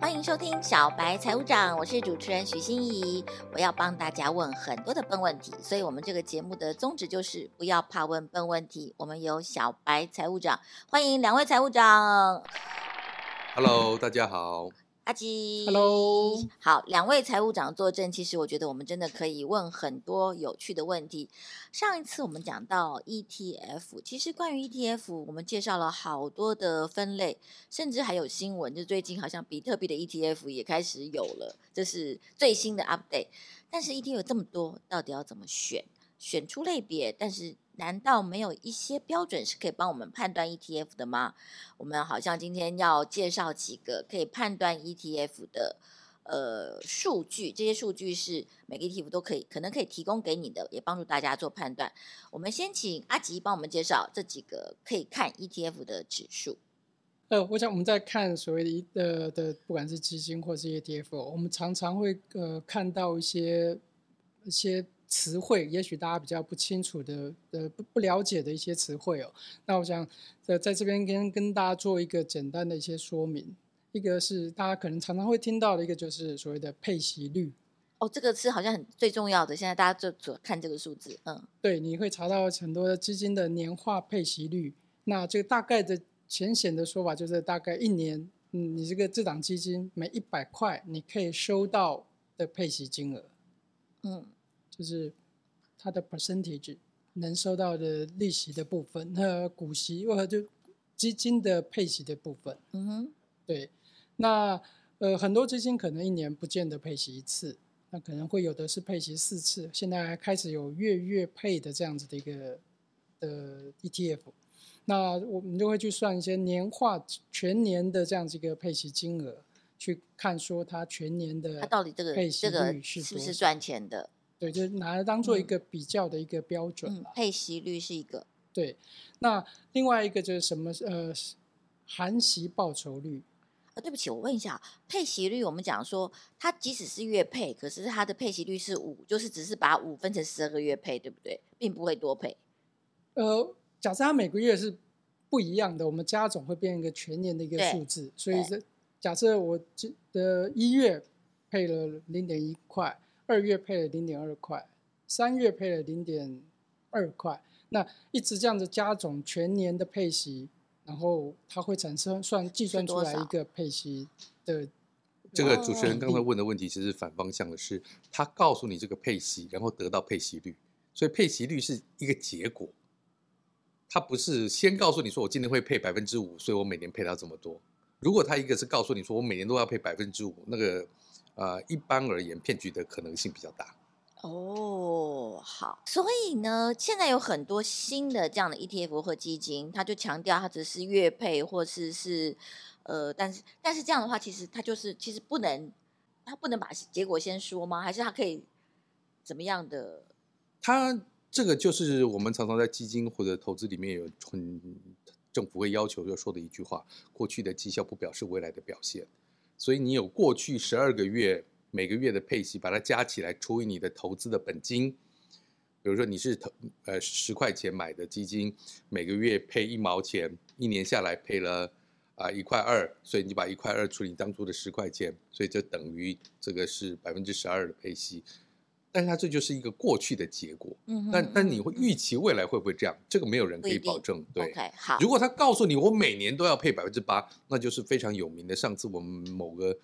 歡迎收聽《小白財務長》，我是主持人徐心怡。我要幫大家問很多的笨問題，所以我們這個節目的宗旨就是不要怕問笨問題。我們有小白財務長，歡迎兩位財務長。Hello，大家好。阿基，Hello，好，兩位財務長坐鎮，其實我覺得我們真的可以問很多有趣的問題。上一次我們講到 ETF，其實關於 ETF，我們介紹了好多的分類，甚至還有新聞，就最近好像比特幣的 ETF 也開始有了，這是最新的 update。但是 ETF 有這麼多，到底要怎麼選？選出類別，但是難道沒有一些標準是可以幫我們判斷 ETF 的嗎？我們好像今天要介紹幾個可以判斷 ETF 的呃數據，這些數據是每個 ETF 都可以，可能可以提供給你的，也幫助大家做判斷。我們先請阿吉幫我們介紹這幾個可以看 ETF 的指數。呃，我想我們在看所謂的呃的，不管是基金或是 ETF，我們常常會呃看到一些一些。詞彙也許大家比較不清楚的，呃，不了解的一些詞彙哦。那我想，在這邊跟跟大家做一個簡單的一些說明。一個是大家可能常常會聽到的一個，就是所謂的配息率。哦，這個是好像很最重要的，現在大家就主要看這個數字。嗯，對，你會查到很多基金的年化配息率。那這個大概的淺顯的說法就是，大概一年，嗯，你這個自檔基金每一百塊，你可以收到的配息金額。嗯。就是它的 percentage 能收到的利息的部分，和股息，或者就基金的配息的部分，嗯哼，對。那呃，很多基金可能一年不見得配息一次，那可能會有的是配息四次。現在還開始有月月配的這樣子的一個的 ETF。那我們就會去算一些年化全年的這樣子一個配息金額，去看說他全年的，他到底這個配息率是不是賺錢的。對，就拿來當做一個比較的一個標準，嗯。配息率是一個。對，那另外一個就是什麼？呃，含息報酬率。啊、呃，對不起，我問一下，配息率我們講說，它即使是月配，可是它的配息率是五，就是只是把五分成十二個月配，對不對？並不會多配。呃，假設它每個月是不一樣的，我們加總會變成一個全年的一個數字，對所以這對假設我的一月配了零點一塊。二月配了零點二塊，三月配了零點二塊，那一直這樣子加總，全年的配息，然後它會產生算計算出來一個配息的。這個主持人剛才問的問題其實是反方向的是，他告訴你這個配息，然後得到配息率，所以配息率是一個結果，他不是先告訴你說我今年會配百分之五，所以我每年配到這麼多。如果他一個是告訴你說我每年都要配百分之五，那個。呃，一般而言，騙局的可能性比較大。哦，oh, 好，所以呢，現在有很多新的這樣的 ETF 和基金，他就強調他只是月配，或是是呃，但是但是這樣的話，其實他就是其實不能，他不能把結果先說嗎？還是他可以怎麼樣的？他這個就是我們常常在基金或者投資裡面有很政府會要求要說的一句話：過去的績效不表示未來的表現。所以你有過去十二個月每個月的配息，把它加起來除以你的投資的本金。比如說你是投呃十塊錢買的基金，每個月配一毛錢，一年下來配了啊一塊二，所以你把一塊二除以你當初的十塊錢，所以就等於這個是百分之十二的配息。但是它這就是一個過去的結果，嗯，但但你會預期未來會不會這樣？這個沒有人可以保證。對，好。如果他告訴你我每年都要配百分之八，那就是非常有名的。上次我們某個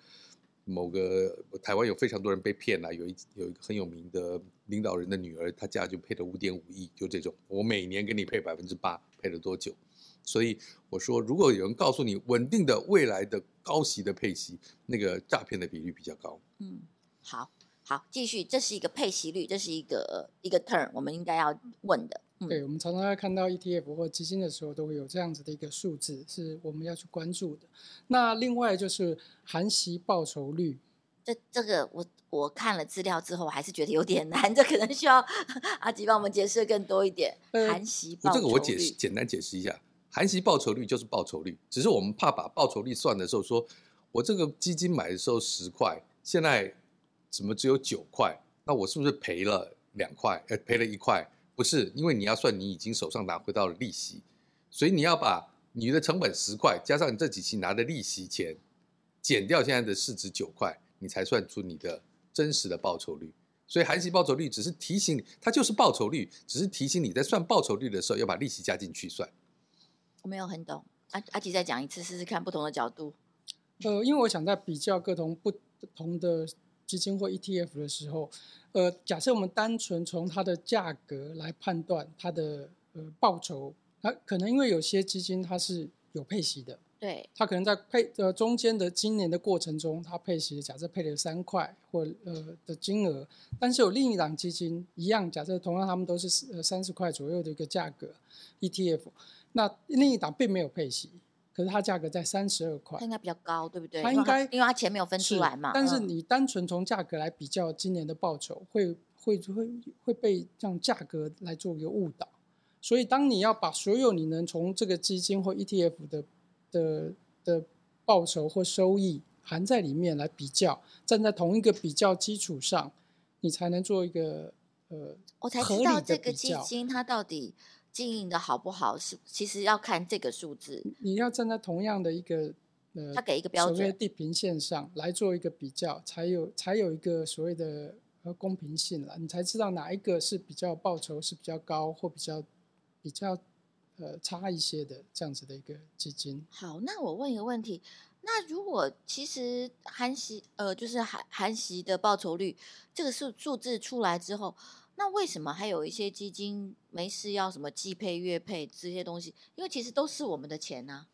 某個台灣有非常多人被騙了，啊，有一有一個很有名的領導人的女兒，她家就配了五點五億，就這種。我每年給你配百分之八，配了多久？所以我說，如果有人告訴你穩定的未來的高息的配息，那個詐騙的比率比較高。嗯，好。好，繼續，這是一個配息率，這是一個一個 turn，我們應該要問的。嗯、對，我們常常在看到 ETF 或基金的時候，都會有這樣子的一個數字，是我們要去關注的。那另外就是含息報酬率。嗯、這這個我我看了資料之後，我還是覺得有點難，這可能需要阿吉幫我們解釋更多一點。含、呃、息報酬率，這個我解釋簡單解釋一下，含息報酬率就是報酬率，只是我們怕把報酬率算的時候說，說我這個基金買的時候十塊，現在。怎麼只有九塊？那我是不是賠了兩塊？哎、呃，賠了一塊？不是，因為你要算你已經手上拿回到了利息，所以你要把你的成本十塊加上你這幾期拿的利息錢，減掉現在的市值九塊，你才算出你的真實的報酬率。所以含息報酬率只是提醒你，它就是報酬率，只是提醒你在算報酬率的時候要把利息加進去算。我沒有很懂，阿阿吉再講一次試試看不同的角度。呃，因為我想在比較各種不同的。基金或 ETF 的時候，呃，假設我們單純從它的價格來判斷它的呃報酬，可能因為有些基金它是有配息的，對，它可能在配呃中間的今年的過程中，它配息，假設配了三塊或呃的金額，但是有另一檔基金一樣，假設同樣它們都是呃三十塊左右的一個價格 ETF，那另一檔並沒有配息。可是它價格在三十二塊，它應該比較高，對不對？它應該因，因為它錢沒有分出來嘛。是，但是你單純從價格來比較，今年的報酬、嗯、會會會會被這樣價格來做一個誤導。所以當你要把所有你能從這個基金或 ETF 的的的報酬或收益含在裡面來比較，站在同一個比較基礎上，你才能做一個呃，我才知道這個基金它到底，經營的好不好，是其實要看這個數字。你要站在同樣的一個呃，他給一個標準地平線上來做一個比較，才有才有一個所謂的呃公平性了，你才知道哪一個是比較報酬是比較高或比較比較呃差一些的這樣子的一個基金。好，那我問一個問題，那如果其實含息呃就是含含息的報酬率這個數數字出來之後。那為什麼還有一些基金沒事要什麼季配月配這些東西？因為其實都是我們的錢呢、啊。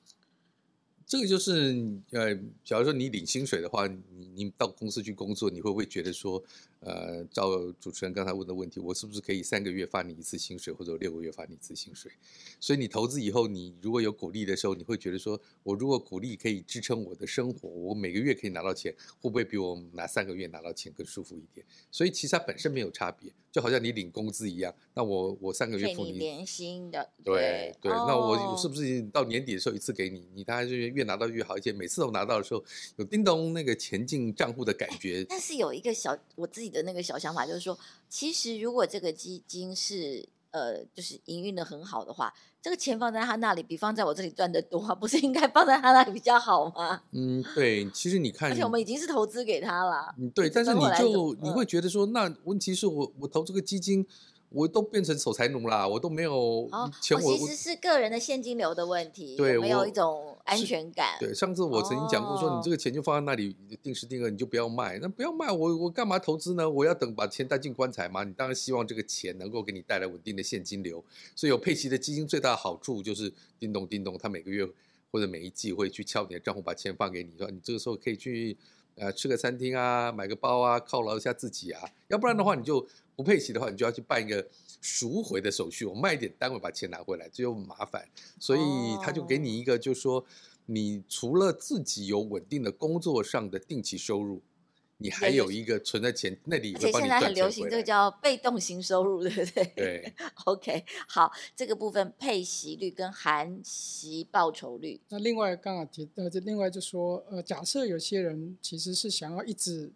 這個就是，呃，假如說你領薪水的話，你你到公司去工作，你會不會覺得說？呃，照主持人剛才問的問題，我是不是可以三個月發你一次薪水，或者六個月發你一次薪水？所以你投資以後，你如果有股利的時候，你會覺得說，我如果股利可以支撐我的生活，我每個月可以拿到錢，會不會比我拿三個月拿到錢更舒服一點？所以其實它本身沒有差別，就好像你領工資一樣。那我我三個月付你年薪的，對對對哦、那我是不是到年底的時候一次給你？你大家就是越拿到越好一些，而且每次都拿到的時候有叮咚那個錢進賬戶的感覺。哎、但是有一個小我自己。的那個小想法就是說，其實如果這個基金是呃，就是營運的很好的話，這個錢放在他那裡，比放在我這裡賺的多話，不是應該放在他那裡比較好嗎？嗯，對，其實你看，而且我們已經是投資給他了，嗯，對，但是你就、嗯、你會覺得說，那問題是我我投這個基金。我都變成守財奴啦，我都沒有錢。我其實是個人的現金流的問題，有沒有一種安全感？對，上次我曾經講過，說你這個錢就放在那裡，定時定額，你就不要賣。那不要賣，我我幹嘛投資呢？我要等把錢帶進棺材嗎？你當然希望這個錢能夠給你帶來穩定的現金流。所以有配息的基金最大的好處就是叮咚叮咚，他每個月或者每一季會去敲你的賬戶，把錢放給你，說你這個時候可以去，呃，吃個餐廳啊，買個包啊，犒勞一下自己啊。要不然的話，你就不配息的話，你就要去辦一個贖回的手續，我賣點單位把錢拿回來，這就麻煩。所以他就給你一個，就是說，oh. 你除了自己有穩定的工作上的定期收入，你還有一個存在錢對那裡幫，而且現在很流行這個叫被動型收入，對不對？對，OK，好，這個部分配息率跟含息報酬率。那另外剛好提，而、呃、另外就說，呃，假設有些人其實是想要一直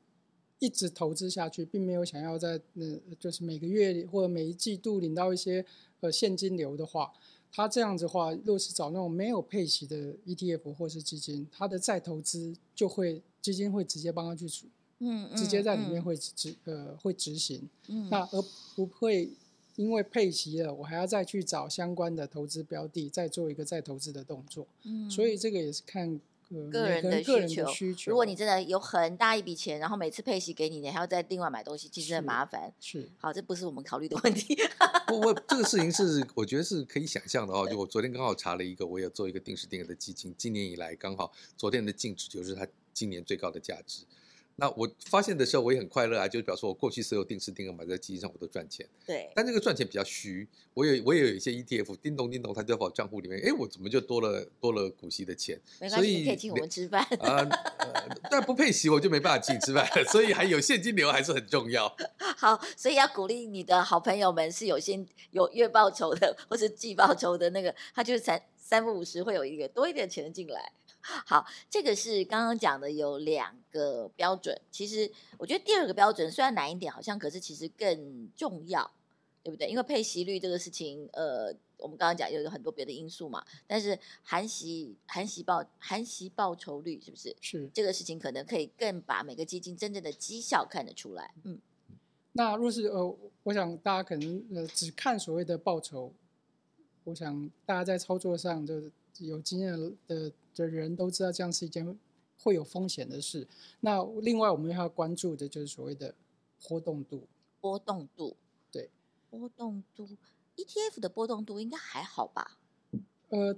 一直投資下去，並沒有想要在嗯、呃，就是每個月或者每一季度領到一些呃現金流的話，他這樣子的話，若是找那種沒有配息的 ETF 或是基金，他的再投資就會基金會直接幫他去處。嗯，嗯嗯，直接在裡面會執、嗯、呃會執行，嗯、那而不會因為配息了，我還要再去找相關的投資標的，再做一個再投資的動作。嗯，所以這個也是看、呃、個人的需求，需求如果你真的有很大一筆錢，然後每次配息給你，你還要再另外買東西，其實很麻煩。是，好，這不是我們考慮的問題。 我我這個事情是我覺得是可以想象的哦。對就我昨天剛好查了一個，我有做一個定時定額的基金，今年以來剛好昨天的淨值就是它今年最高的價值。那我發現的時候我也很快樂啊，就是表示我過去所有定時定額買在基金上我都賺錢，對，但這個賺錢比較虛，我有我也有一些 ETF 叮咚叮咚它掉跑賬戶裡面，哎、欸，我怎麼就多了多了股息的錢？沒關係，所以你可以請我們吃飯啊、呃，呃、 但不配息我就沒辦法請你 吃飯，所以還有現金流還是很重要。 好，所以要鼓勵你的好朋友們是有先有月報酬的或是季報酬的那個，他就是三三不五時會有一個多一點錢進來。好，這個是剛剛講的有兩個標準。其實我覺得第二個標準雖然難一點，好像可是其實更重要，對不對？因為配息率這個事情，呃，我們剛剛講有有很多別的因素嘛。但是含息、含息報、含息報酬率，是不是？是這個事情可能可以更把每個基金真正的績效看得出來。嗯。那若是呃，我想大家可能只看所謂的報酬，我想大家在操作上就是。有經驗的的人都知道，這樣是一件會有風險的事。那另外我們要關注的就是所謂的波動度。波動度，對。波動度，ETF 的波動度應該還好吧？呃，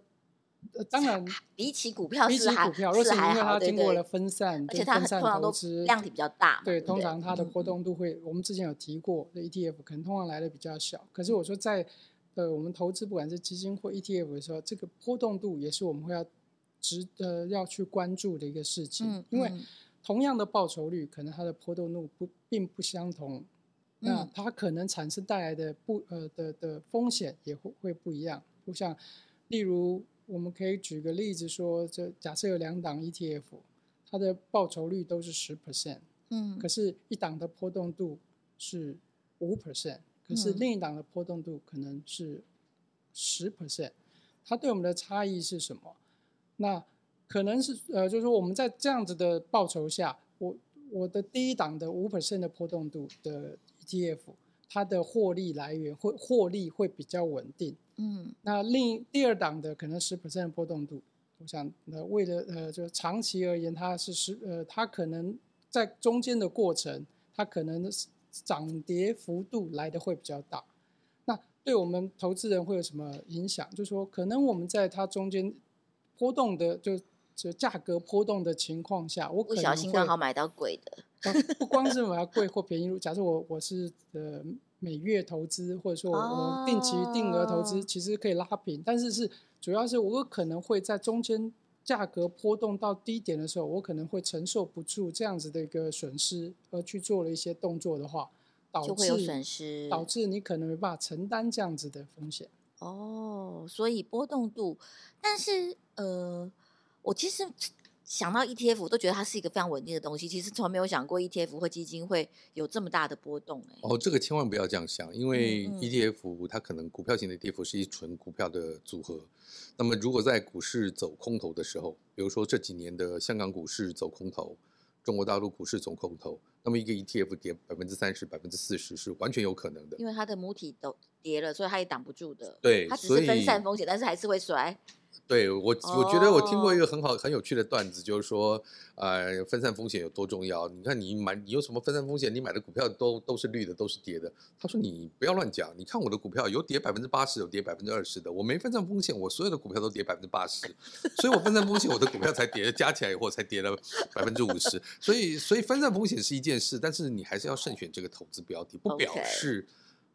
當然，比起股票是還，股票是還好，是，因為它是還好。對對對。經過了分散投資，而且它很通常都量體比較大。對，通常它的波動度會，嗯、哼我們之前有提過，ETF 可能通常來得比較小。可是我說在。嗯呃，我們投資不管是基金或 ETF 的時候，這個波動度也是我們會要值得要去關注的一個事情。嗯嗯、因為同樣的報酬率，可能它的波動度不並不相同，那它可能產生帶來的不呃的的，的風險也會會不一樣。我想，例如我們可以舉個例子說，這假設有兩檔 ETF，它的報酬率都是十 percent，嗯，可是一檔的波動度是五 percent。可是另一檔的波動度可能是十 percent，它對我們的差異是什麼？那可能是呃，就是說我們在這樣子的報酬下，我我的第一檔的五 percent 的波動度的 ETF，它的獲利來源會獲利會比較穩定。嗯，那另第二檔的可能十 percent 的波動度，我想那、呃、為了呃，就長期而言，它是十呃，它可能在中間的過程，它可能是。漲跌幅度來的會比較大，那對我們投資人會有什麼影響？就說可能我們在它中間波動的，就就價格波動的情況下，我可能會我不小心剛好買到貴的， 不光是買到貴或便宜。假設我我是呃每月投資，或者說我們定期定額投資，其實可以拉平，oh. 但是是主要是我可能會在中間。價格波動到低點的時候，我可能會承受不住這樣子的一個損失，而去做了一些動作的話，導致就會有損失。導致你可能沒辦法承擔這樣子的風險。哦，所以波動度，但是呃，我其實想到 ETF，我都覺得它是一個非常穩定的東西。其實從沒有想過 ETF 和基金會有這麼大的波動哎、欸。哦，這個千萬不要這樣想，因為 ETF 它可能股票型的 ETF 是一純股票的組合。那麼，如果在股市走空頭的時候，比如說這幾年的香港股市走空頭，中國大陸股市走空頭，那麼一個 ETF 跌百分之三十、百分之四十是完全有可能的，因為它的母體都跌了，所以它也擋不住的。對，它只是分散風險，所以，但是還是會摔。對我，我覺得我聽過一個很好、oh. 很有趣的段子，就是說，呃，分散風險有多重要？你看，你買你有什麼分散風險？你買的股票都都是綠的，都是跌的。他說，你不要亂講，你看我的股票有跌百分之八十，有跌百分之二十的，我沒分散風險，我所有的股票都跌百分之八十， 所以我分散風險，我的股票才跌，加起來以後才跌了百分之五十。所以，所以分散風險是一件事，但是你還是要慎選這個投資標的，不表示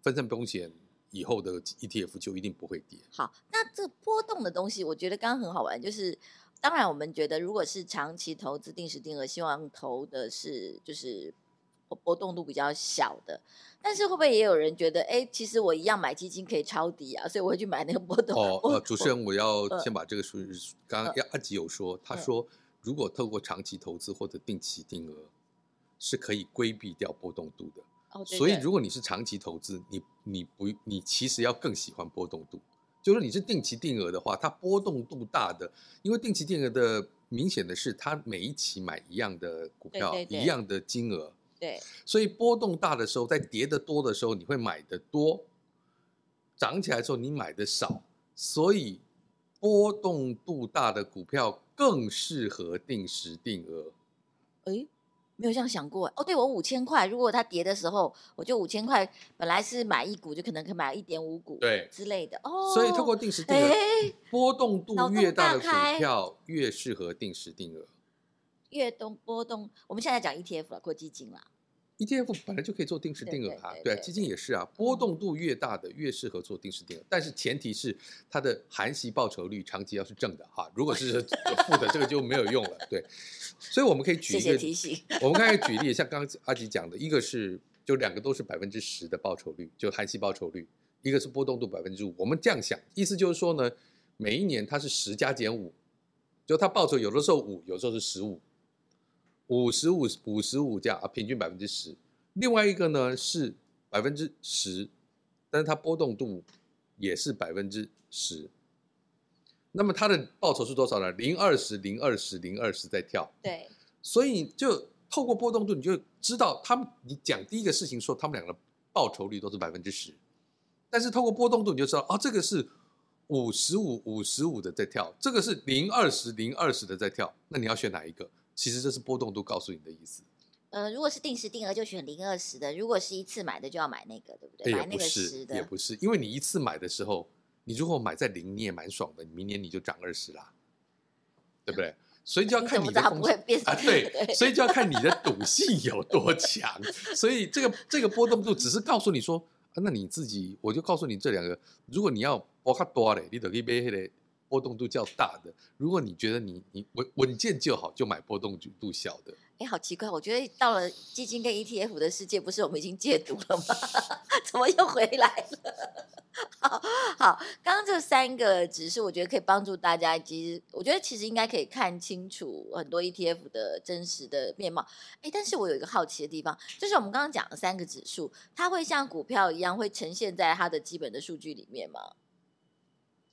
分散風險。Okay. 以後的 ETF 就一定不會跌。好，那這波動的東西，我覺得剛剛很好玩。就是，當然我們覺得，如果是長期投資、定時定額，希望投的是就是波動度比較小的。但是會不會也有人覺得，哎，其實我一樣買基金可以抄底啊，所以我會去買那個波動，波動。哦、呃，主持人，我要先把這個數、呃、剛剛說。剛剛阿吉有說，他說如果透過長期投資或者定期定額，是可以規避掉波動度的。Oh, 對對，所以，如果你是長期投資，你你不你其實要更喜歡波動度，就是你是定期定額的話，它波動度大的，因為定期定額的明顯的是，它每一期買一樣的股票，對對對一樣的金額，對所以波動大的時候，在跌的多的時候，你會買的多，漲起來之後你買的少，所以波動度大的股票更適合定時定額，哎沒有這樣想過、欸、哦，對，我五千塊，如果它跌的時候，我就五千塊，本來是買一股，就可能可以買一點五股，之類的對哦。所以透過定時定額、哎、波動度越大的股票越適合定時定額，哎、越動波動。我們現在講 ETF 了，或基金了。E T F 本來就可以做定時定額哈、啊，對啊，基金也是啊，波動度越大的越適合做定時定額，但是前提是它的含息報酬率長期要是正的哈、啊，如果是負的這個就沒有用了，對。所以我們可以舉一個，我們剛才舉例，像剛剛阿吉講的一個是，就兩個都是百分之十的報酬率，就含息報酬率，一個是波動度百分之五，我們這樣想，意思就是說呢，每一年它是十加減五，5就它報酬有的時候五，有的時候是十五。五十五五十五這樣啊，平均百分之十。另外一個呢是百分之十，但是它波動度也是百分之十。那麼它的報酬是多少呢？零二十零二十零二十在跳。對。所以就透過波動度，你就知道他們。你講第一個事情說他們兩個報酬率都是百分之十，但是透過波動度你就知道啊，這個是五十五五十五的在跳，這個是零二十零二十的在跳。那你要選哪一個？其實這是波動度告訴你的意思。呃，如果是定時定額就選零二十的，如果是一次買的就要買那個，對不對？也不是，買那個十的也不是，因為你一次買的時候，你如果買在零，你也蠻爽的，明年你就漲二十啦，對不對？所以就要看你的不會變啊，對，對所以就要看你的賭性有多強。 所以這個這個波動度只是告訴你說，啊，那你自己，我就告訴你這兩個，如果你要波較大嘞，你得去買那個。波動度較大的，如果你覺得你你穩穩健就好，就買波動度小的。哎、欸，好奇怪，我覺得到了基金跟 ETF 的世界，不是我們已經戒毒了嗎？ 怎麼又回來了？ 好，好，剛剛這三個指數，我覺得可以幫助大家。其實，我覺得其實應該可以看清楚很多 ETF 的真實的面貌。哎、欸，但是我有一個好奇的地方，就是我們剛剛講的三個指數，它會像股票一樣，會呈現在它的基本的數據裡面嗎？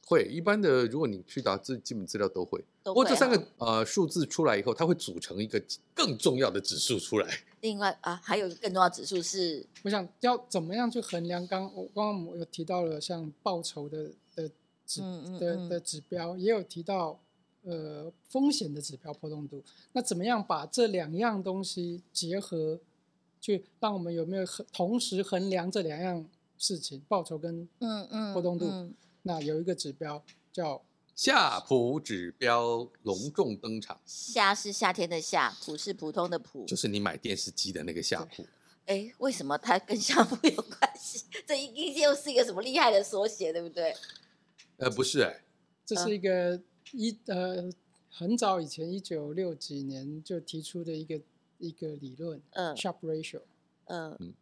會一般的，如果你去打字，基本資料，都會。不過、啊、這三個呃數字出來以後，它會組成一個更重要的指數出來。另外啊，還有一個更重要的指數是，我想要怎麼樣去衡量？剛我剛剛我們有提到了像報酬的的指的的，的指標，嗯嗯嗯、也有提到呃風險的指標波動度。那怎麼樣把這兩樣東西結合去，去讓我們有沒有同同時衡量這兩樣事情？報酬跟嗯嗯波動度。嗯嗯嗯那有一個指標叫夏普指標隆重登場。夏是夏天的夏，普是普通的普，就是你買電視機的那個夏普。哎，為什麼它跟夏普有關係？這一定又是一個什麼厲害的縮寫，對不對？呃，不是、欸，這是一個、啊、一呃很早以前一九六幾年就提出的一個一個理論，嗯，Sharpe Ratio 夏普比率，嗯。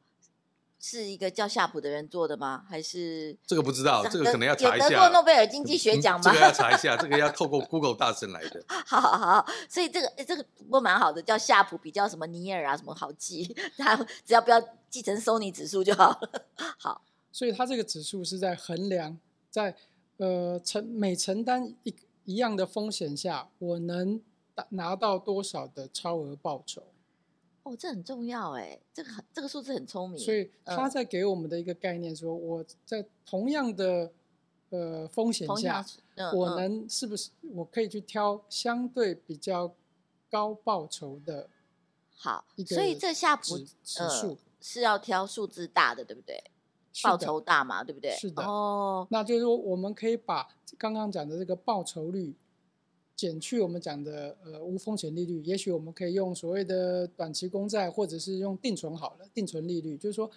是一個叫夏普的人做的嗎？還是這個不知道，這個可能要查一下。得，得過諾貝爾經濟學獎嗎？嗯、這個要查一下， 這個要透過 Google 大神來的。好好好，所以這個、欸、這個不過蠻好的，叫夏普比較什麼尼爾啊什麼好記，他只要不要記成 Sony 指數就好好，所以它這個指數是在衡量，在呃承每承擔一一樣的風險下，我能拿拿到多少的超額報酬。哦，這很重要哎，這個很這個數字很聰明。所以他在給我們的一個概念說，嗯、我在同樣的呃風險下，風險嗯、我能、嗯、是不是我可以去挑相對比較高報酬的？好，所以這下不指數、呃、是要挑數字大的，對不對？報酬大嘛，對不對？是的。哦，那就是說我們可以把剛剛講的這個報酬率。減去我們講的呃無風險利率，也許我們可以用所謂的短期公債，或者是用定存好了，定存利率，就是說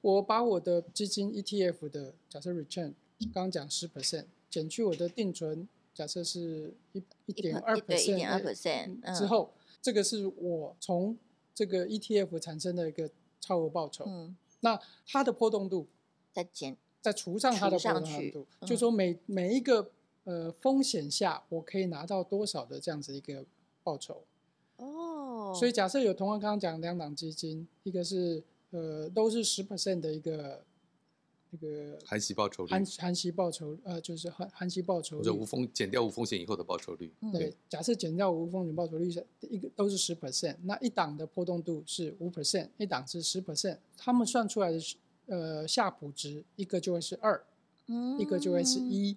我把我的基金 ETF 的假設 return，剛剛講十 percent，減去我的定存，假設是一一點二 percent，之後，這個是我從這個 ETF 產生的一個超額報酬。嗯。那它的波動度，再減，再除上它的波動動度，嗯、就是說每每一個。呃，風險下我可以拿到多少的這樣子一個報酬？哦，oh. 所以假設有同安剛剛講兩檔基金，一個是呃都是十 percent 的一個那個含息報酬率，含含息報酬呃就是含含息報酬或者無風減掉無風險以後的報酬率。嗯、對，假設減掉無風險報酬率是一個都是十 percent，那一檔的波動度是五 percent，一檔是十 percent，他們算出來的呃夏普值一個就會是二，一個就會是一、mm. 一。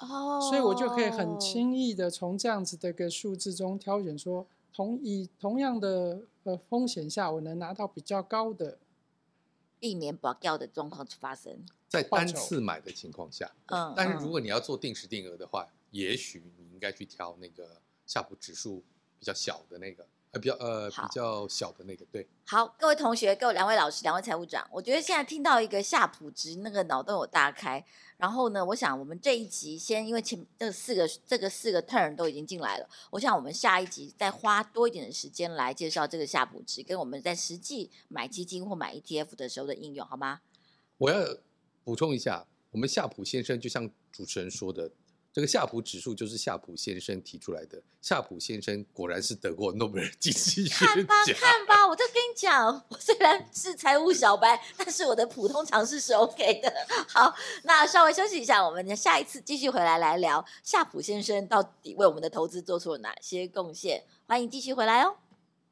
哦，oh. 所以我就可以很輕易的從這樣子的一個數字中挑選，說同以同樣的呃風險下，我能拿到比較高的，避免保掉的狀況發生，在單次買的情況下，嗯，但是如果你要做定時定額的話，也許你應該去挑那個夏普指數比較小的那個，呃，比較呃比較小的那個，對。好，各位同學，各位兩位老師，兩位財務長，我覺得現在聽到一個夏普值，那個腦洞有大開。然後呢，我想我們這一集先，因為前這四個這個四個 turn 都已經進來了，我想我們下一集再花多一點的時間來介紹這個夏普值跟我們在實際買基金或買 ETF 的時候的應用，好嗎？我要補充一下，我們夏普先生就像主持人說的。這個夏普指數就是夏普先生提出來的。夏普先生果然是得過諾貝爾經濟學獎。看吧，看吧，我就跟你講，我雖然是財務小白， 但是我的普通常識是 OK 的。好，那稍微休息一下，我們下一次繼續回來來聊夏普先生到底為我們的投資做出了哪些貢獻。歡迎繼續回來哦。